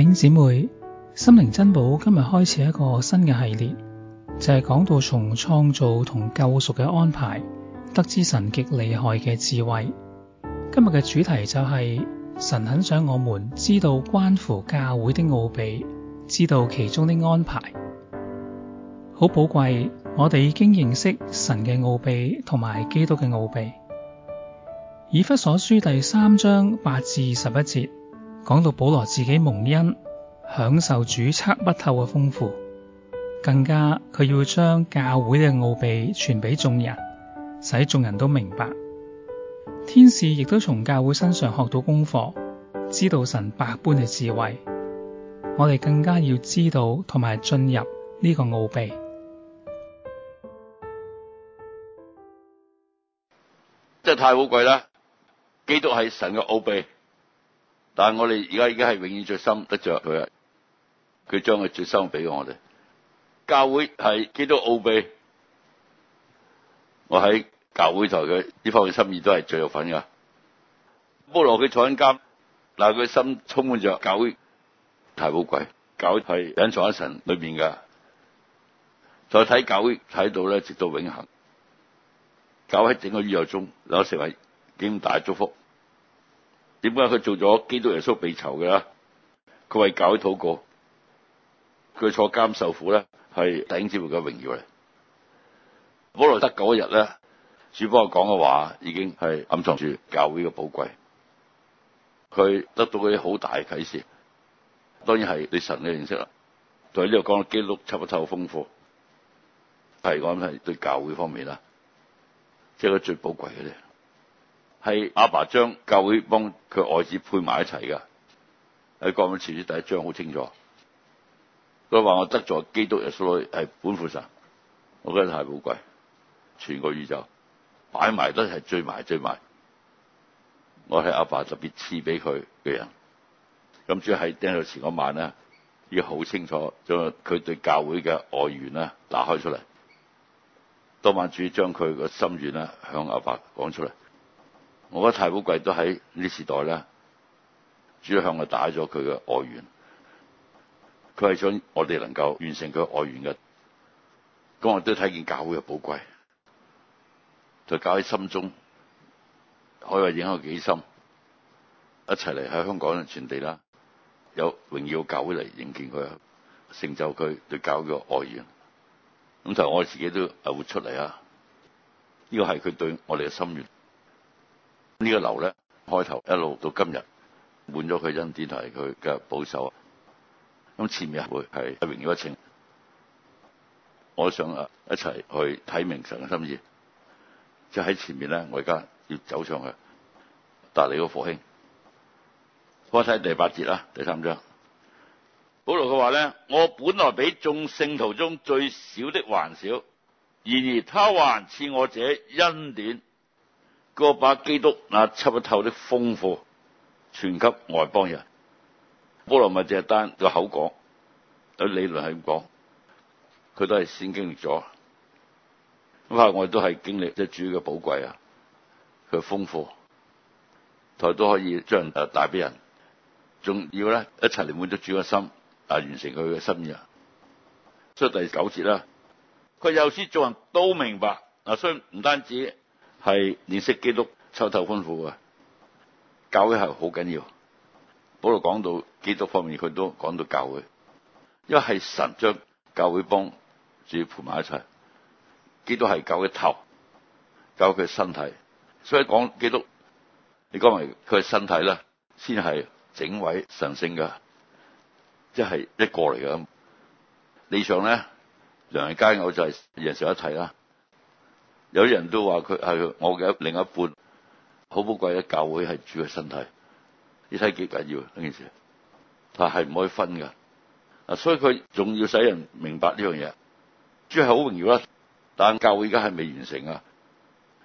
頂姐妹，心靈珍寶今日開始一個新嘅系列，就係講到從創造同救贖嘅安排，得知神極厲害嘅智慧。今日嘅主題就係神很想我們知道關乎教會的奧祕，知道其中的安排，好寶貴。我哋已經認識神嘅奧祕同埋基督嘅奧祕。以弗所書第三章八至十一節。講到保羅自己蒙恩，享受主測不透嘅豐富，更加佢要將教會嘅奧秘傳俾眾人，使眾人都明白。天使亦都從教會身上學到功課，知道神百般嘅智慧。我哋更加要知道同埋進入呢個奧秘，真係太寶貴啦！基督係神嘅奧秘。但係我哋而家而家係永遠著心得著佢啊！佢將佢著心俾我哋。教會係基督奧秘，我喺教會台嘅呢方面心意都係最有份噶。保羅佢坐緊監，嗱佢心充滿著教會太寶貴，教會係隱藏喺神裏面噶。再睇教會睇到咧，直到永恆。教會喺整個宇宙中，有成為幾咁大祝福。點解佢做咗基督耶穌被囚嘅啦？佢為教會禱告，佢坐監受苦咧，係頂主嘅榮耀嚟。保羅得救嗰日咧，主幫我講嘅話已經係暗藏住教會嘅寶貴。佢得到嗰啲好大嘅啟示，當然係對神嘅認識啦。在呢度講基督測不透豐富，係講係對教會方面啦，即係最寶貴嘅係阿爸將教會幫佢外子配埋一齊㗎。喺《哥林多前書》第一章好清楚。佢話：我得咗基督耶穌係本乎神，我覺得太寶貴。全個宇宙擺埋都係最埋最埋。我係阿爸，爸特別賜俾佢嘅人。咁主要喺聽道前嗰晚咧，要好清楚將佢對教會嘅外願啦打開出嚟。當晚主要將佢個心願啦向阿爸講出嚟。我覺得太寶貴，都喺呢時代咧，主要向我打咗佢嘅外援。佢係想我哋能夠完成佢嘅外援嘅，咁我哋都睇見教會嘅寶貴，就教喺心中，可以話影響幾深。一齊嚟喺香港嚟傳地啦，有榮耀教會嚟迎見佢，成就佢對教會嘅外援。咁就我自己都活出嚟啊！呢個係佢對我哋嘅心願。這個樓呢個樓咧，開頭一路到今日，滿咗佢恩典係佢嘅保守。咁前面一回係榮耀一淨，我想啊一齊去睇明神嘅心意。就喺、是、前面咧，我而家要走上去，達你個課兄。我睇第八節啦，第三章。保羅佢話咧：我本來比眾聖徒中最小的還小，然而他還賜我這恩典。個把基督那測不透的豐富，傳給外邦人。保羅密淨係單個口講，有理論係咁講，佢都係先經歷咗。咁啊，我哋都係經歷即係主嘅寶貴啊，佢豐富，所以都可以將啊帶俾人。仲要咧，一齊嚟，滿足主嘅心，啊，完成佢嘅心意所以啊。出第九節啦，佢又使眾人都明白嗱，所以唔單止，係認識基督、測不透嘅豐富啊！教會係好緊要，保羅講到基督方面，佢都講到教會，因為係神將教會幫要盤埋一齊，基督係教佢頭，教佢身體，所以講基督，你講埋佢嘅身體啦，先係整位上升噶，即、就、係、是、一個嚟噶。理想呢，咧，良人佳偶就係人手一體啦。有人都話佢係我嘅另一半，好寶貴嘅教會係主嘅身體，你睇幾緊要呢件事，但係唔可以分㗎。啊，所以佢仲要使人明白呢樣嘢，主係好榮耀啦。但教會而家係未完成啊，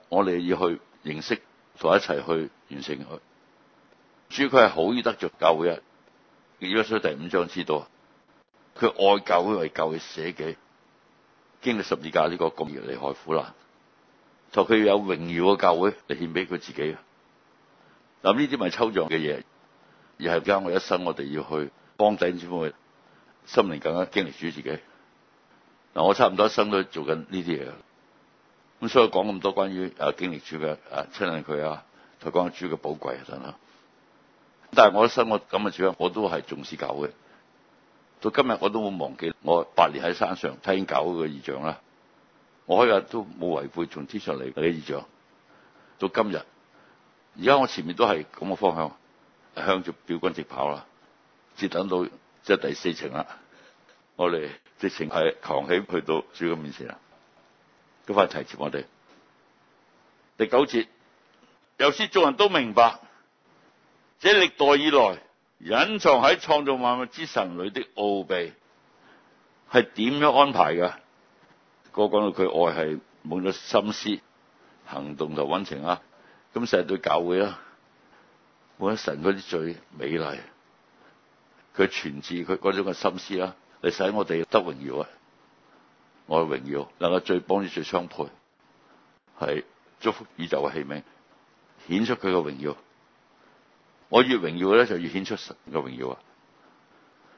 我哋要去認識同一齊去完成佢。主佢係好易得著教會啊，以弗所第五章知道，佢愛教會為教會捨己，經歷十字架呢個咁熱厲害苦難。同佢有榮耀嘅教會嚟獻俾佢自己，嗱，呢啲咪抽象嘅嘢，而係而家我一生我哋要去幫仔點先會心靈更加經歷主自己。嗱，我差唔多一生都做緊呢啲嘢，咁所以講咁多關於誒經歷主嘅誒親近佢啊，同埋講主嘅寶貴啊等等。但係我一生我咁嘅主我都係重視教會，到今日我都冇忘記我八年喺山上聽狗嘅異象啦。我開日都冇違背從天上嚟嘅異象，到今日，而家我前面都係咁嘅方向，向住標竿直跑啦。接等到即係、就是、第四程啦，我哋直程係扛起去到主嘅面前啦。都快提前我哋第九節，又使眾人都明白，這歷代以來隱藏喺創造萬物之神裏的奧秘係點樣安排㗎？哥講到佢愛係滿咗心思行動同溫情啦，咁成日對教會啦，滿咗神嗰啲最美麗，佢傳召佢嗰種嘅心思啦，嚟使我哋得榮耀啊，我嘅榮耀能夠最幫你、最相配，係祝福宇宙嘅器皿，顯出佢嘅榮耀。我越榮耀咧，就越顯出神嘅榮耀啊。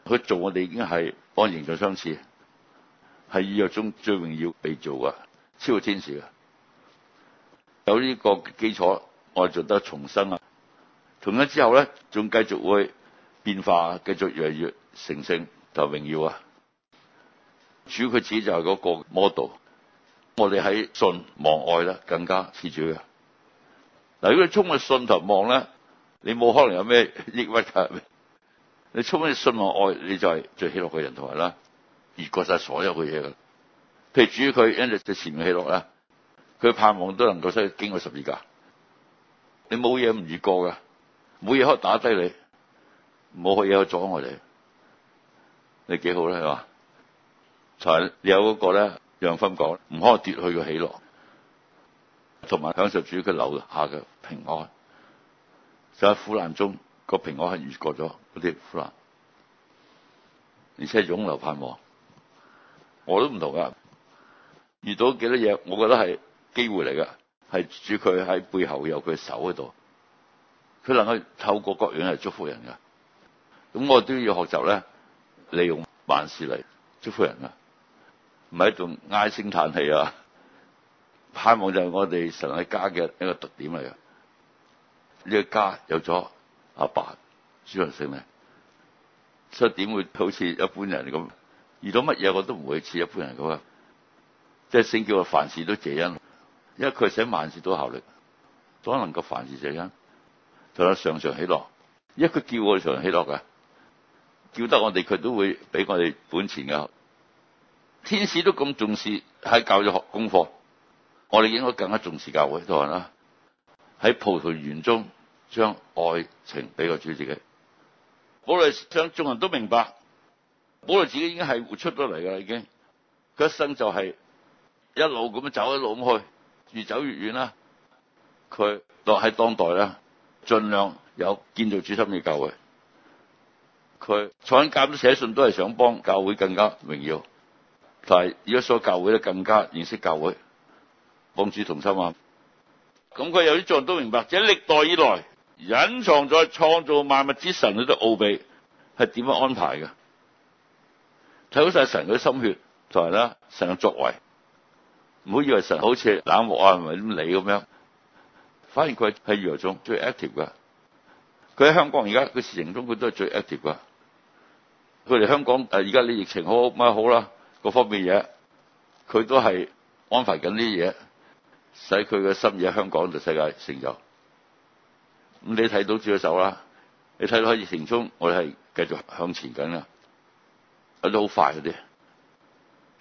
佢做我哋已經係外形最相似。係預約中最榮耀被做啊，超過天使啊！有呢個基礎，我做得重生啊！重生之後咧，仲繼續會變化，繼續越嚟越成聖就榮耀啊！主佢自己就係嗰個 model，我哋喺信望愛咧更加似主嘅。嗱，如果你充係信同望咧，你冇可能有咩抑鬱噶。你充係信望愛，你就係最喜樂嘅人同埋啦。越過晒所有嘅嘢噶，譬如主佢一直嘅甜蜜喜樂啦，佢盼望都能夠出去經過十二架。你冇嘢唔越過噶，冇嘢可以打低你，冇嘢可以阻礙我哋，你幾好咧？係嘛？就有嗰個咧，楊芬講唔可以奪去嘅喜樂，同埋享受主佢留下嘅平安。就喺苦難中，個平安係越過咗嗰啲苦難，而且係湧流盼望。我都唔同噶，遇到幾多嘢，我覺得係機會嚟噶，係主佢喺背後有佢手喺度，佢能夠透過各樣嚟祝福人噶，咁我都要學習咧，利用萬事嚟祝福人㗎。唔係一種唉聲嘆氣啊，盼望就係我哋神喺家嘅一個特點嚟，呢、這個家有咗阿爸，主屬性咧，所以點會好似一般人咁？遇到乜嘢我都唔會似一般人咁啊！即係聖經叫我凡事都謝恩，因為佢寫萬事都效力，總能夠凡事謝恩，就我常常喜樂。因為佢叫我常常喜樂嘅，叫得我哋佢都會俾我哋本錢嘅。天使都咁重視喺教會學功課，我哋應該更加重視教會人。同我喺葡萄園中將愛情俾個主自己，好嚟想眾人都明白。保羅自己已經係活出得嚟㗎啦，已經佢一生就係一路咁樣走一路咁去，越走越遠啦。佢落喺當代啦，儘量有建造主心嘅教會。佢坐喺監都寫信，都係想幫教會更加榮耀，但係而家所有教會咧更加認識教會，奉主同心啊！咁佢又使眾人都明白，即係歷代以來隱藏在創造萬物之神嗰度奧秘係點樣安排嘅。睇好晒神嘅心血，同埋啦，神嘅作為，唔好以為神好似冷漠啊，唔係咁理咁樣，反而佢係陽中最 active 噶。佢喺香港而家佢事情中，佢都係最 active 噶。佢哋香港而家啲疫情好咪好啦，各方面嘢佢都係安排緊啲嘢，使佢嘅心意喺香港同世界成就。咁你睇到左手啦，你睇到喺疫情中，我哋係繼續向前緊啦。睇好快啲，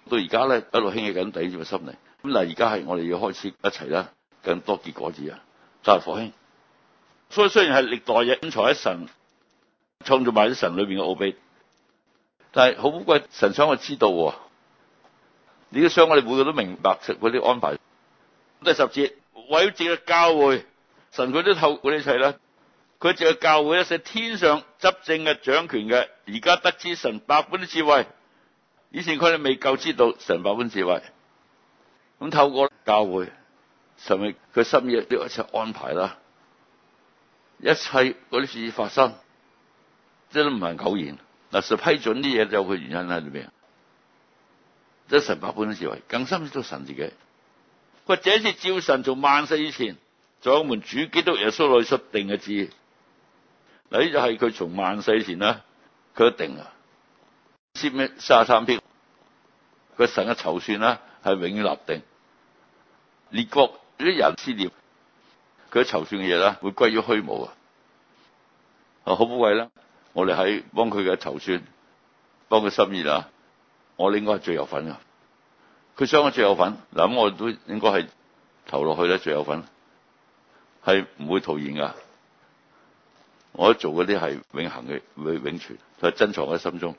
到而家咧一路興起緊抵住個心嚟。咁嗱，而家係我哋要開始一齊啦，更多結果子啊，揸火興。所以雖然係歷代隱藏喺神創造埋啲神裏邊嘅奧秘，但係好古怪神想我知道喎、啊，呢啲想我哋每個都明白，食嗰啲安排。第十節，為咗藉嘅教會，神佢都透過你一出嚟。佢就去教會使天上執政嘅掌權嘅，而家得知神百般啲智慧。以前佢哋未夠知道神百般智慧。咁透過教會，神佢心意對一切安排啦，一切嗰啲事發生，即都唔係偶然。嗱，神批准啲嘢有佢原因喺裏邊，即神百般啲智慧，更深知道神自己。佢這是照神做萬世以前，就我們主基督耶穌內設定嘅旨你就係佢從萬世前啦，佢一定啊，詩篇卅三篇，個神嘅籌算啦，係永遠立定。列國啲人思念佢嘅籌算嘅嘢啦，會歸於虛無啊！啊，好寶貴啦，我哋喺幫佢嘅籌算，幫佢心意啊，我哋應該係最有份噶。佢想我最有份，嗱咁我都應該係投落去咧，最有份，係唔會徒然噶。我做嗰啲係永恒嘅，永存，就珍藏喺心中。